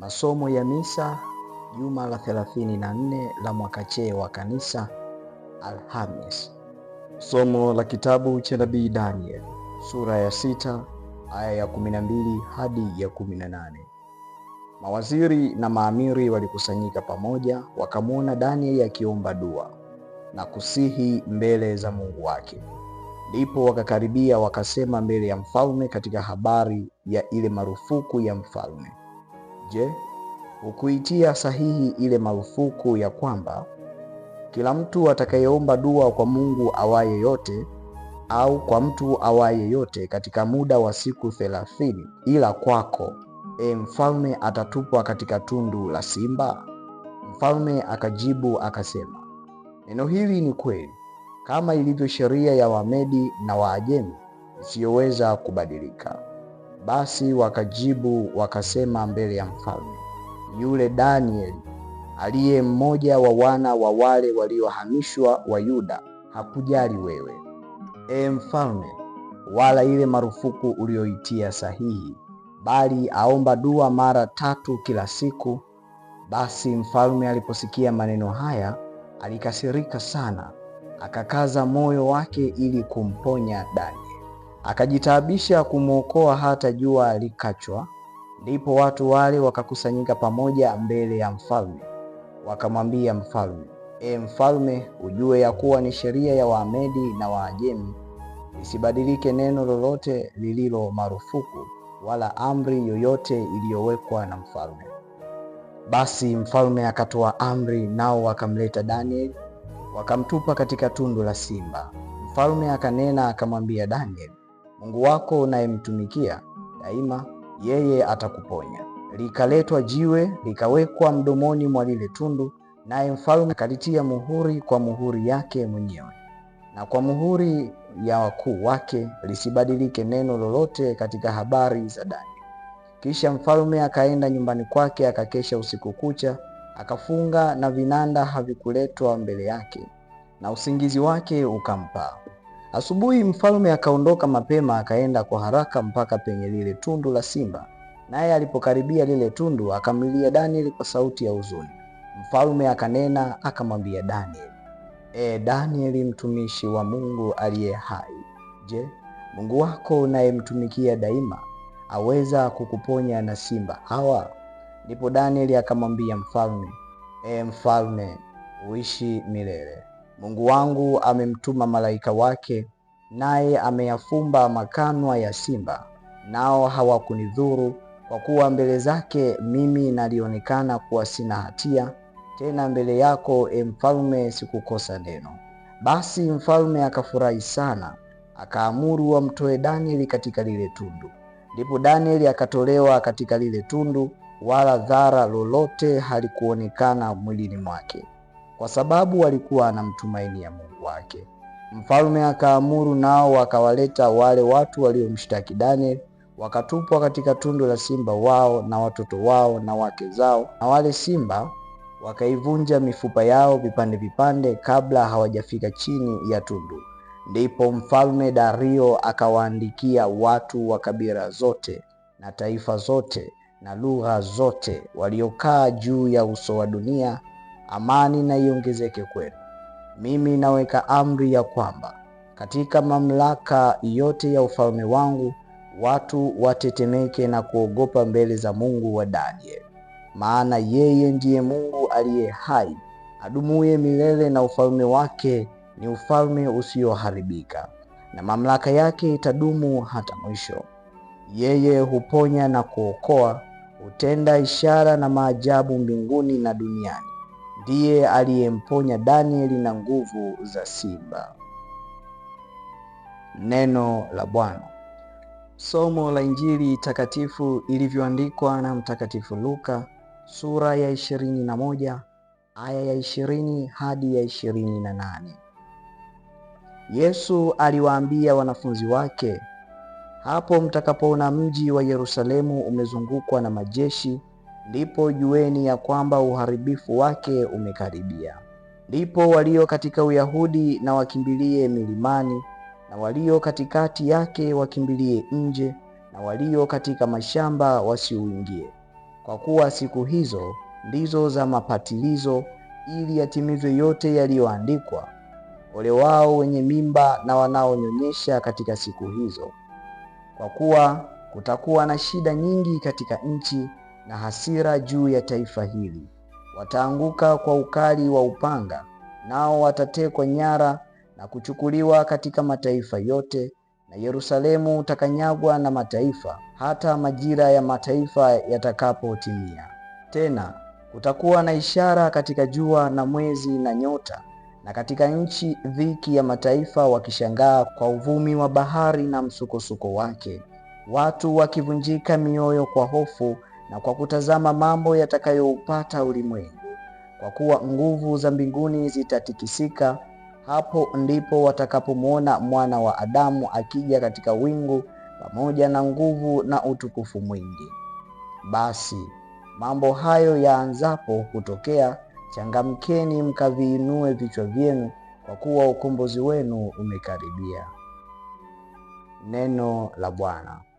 Masomo ya misa juma la 34 la mwaka C wa Kanisa, Alhamis. Somo la kitabu cha nabii Daniel sura ya sita aya ya 12 hadi ya 18. Mawaziri na maamiri walikusanyika pamoja, wakamwona Danieli akiomba dua na kusihi mbele za Mungu wake. Ndipo wakakaribia wakasema mbele ya mfalme katika habari ya ile marufuku ya mfalme Je, hukuitia sahihi ile marufuku ya kwamba kila mtu atakayeomba dua kwa Mungu awaye yote au kwa mtu awaye yote katika muda wa siku thelathini ila kwako, e mfalme, atatupwa katika tundu la simba? Mfalme akajibu akasema, neno hili ni kweli, kama ilivyo sheria ya Wamedi na Waajemi isiyoweza kubadilika. Basi wakajibu wakasema mbele ya mfalme, yule Danieli aliye mmoja wa wana wa wale waliohamishwa wa Yuda hakujali wewe, e mfalme, wala ile marufuku uliyoitia sahihi, bali aomba dua mara tatu kila siku. Basi mfalme aliposikia maneno haya alikasirika sana, akakaza moyo wake ili kumponya Danieli akajitaabisha kumwokoa hata jua likachwa. Ndipo watu wale wakakusanyika pamoja mbele ya mfalme, wakamwambia mfalme, e mfalme, ujue ya kuwa ni sheria ya Waamedi na Waajemi isibadilike neno lolote lililo marufuku wala amri yoyote iliyowekwa na mfalme. Basi mfalme akatoa amri, nao wakamleta Danieli wakamtupa katika tundu la simba. Mfalme akanena akamwambia Danieli, Mungu wako unayemtumikia daima, yeye atakuponya. Likaletwa jiwe likawekwa mdomoni mwa lile tundu, naye mfalme akalitia muhuri kwa muhuri yake mwenyewe na kwa muhuri ya wakuu wake, lisibadilike neno lolote katika habari za Danieli. Kisha mfalme akaenda nyumbani kwake, akakesha usiku kucha, akafunga na vinanda havikuletwa mbele yake, na usingizi wake ukampaa. Asubuhi mfalme akaondoka mapema, akaenda kwa haraka mpaka penye lile tundu la simba, naye alipokaribia lile tundu akamlilia Danieli kwa sauti ya huzuni. Mfalme akanena akamwambia Danieli, e Danieli, mtumishi wa Mungu aliye hai, je, Mungu wako unayemtumikia daima aweza kukuponya na simba hawa? Ndipo Danieli akamwambia mfalme, e mfalme, uishi milele. Mungu wangu amemtuma malaika wake, naye ameyafumba makanwa ya simba, nao hawakunidhuru, kwa kuwa mbele zake mimi nalionekana kuwa sina hatia. Tena mbele yako, e mfalme, sikukosa neno. Basi mfalme akafurahi sana, akaamuru wamtoe Danieli katika lile tundu. Ndipo Danieli akatolewa katika lile tundu, wala dhara lolote halikuonekana mwilini mwake kwa sababu walikuwa wanamtumainia Mungu wake. Mfalme akaamuru, nao wakawaleta wale watu waliomshtaki Danieli, wakatupwa katika tundu la simba wao na watoto wao na wake zao, na wale simba wakaivunja mifupa yao vipande vipande kabla hawajafika chini ya tundu. Ndipo mfalme Dario akawaandikia watu wa kabila zote na taifa zote na lugha zote waliokaa juu ya uso wa dunia amani na iongezeke kwenu. Mimi naweka amri ya kwamba katika mamlaka yote ya ufalme wangu watu watetemeke na kuogopa mbele za Mungu wa Danieli, maana yeye ndiye Mungu aliye hai adumuye milele, na ufalme wake ni ufalme usioharibika, na mamlaka yake itadumu hata mwisho. Yeye huponya na kuokoa, hutenda ishara na maajabu mbinguni na duniani ndiye aliyemponya Danieli na nguvu za simba. Neno la Bwana. Somo la Injili takatifu ilivyoandikwa na Mtakatifu Luka sura ya ishirini na moja aya ya ishirini hadi ya ishirini na nane. Yesu aliwaambia wanafunzi wake, hapo mtakapoona mji wa Yerusalemu umezungukwa na majeshi ndipo jueni ya kwamba uharibifu wake umekaribia. Ndipo walio katika Uyahudi na wakimbilie milimani, na walio katikati yake wakimbilie nje, na walio katika mashamba wasiuingie, kwa kuwa siku hizo ndizo za mapatilizo, ili yatimizwe yote yaliyoandikwa. Ole wao wenye mimba na wanaonyonyesha katika siku hizo, kwa kuwa kutakuwa na shida nyingi katika nchi na hasira juu ya taifa hili. Wataanguka kwa ukali wa upanga, nao watatekwa nyara na kuchukuliwa katika mataifa yote, na Yerusalemu utakanyagwa na mataifa hata majira ya mataifa yatakapotimia. Tena kutakuwa na ishara katika jua na mwezi na nyota, na katika nchi dhiki ya mataifa wakishangaa kwa uvumi wa bahari na msukosuko wake, watu wakivunjika mioyo kwa hofu na kwa kutazama mambo yatakayoupata ulimwengu, kwa kuwa nguvu za mbinguni zitatikisika. Hapo ndipo watakapomwona mwana wa Adamu akija katika wingu pamoja na nguvu na utukufu mwingi. Basi mambo hayo yaanzapo kutokea, changamkeni mkaviinue vichwa vyenu, kwa kuwa ukombozi wenu umekaribia. Neno la Bwana.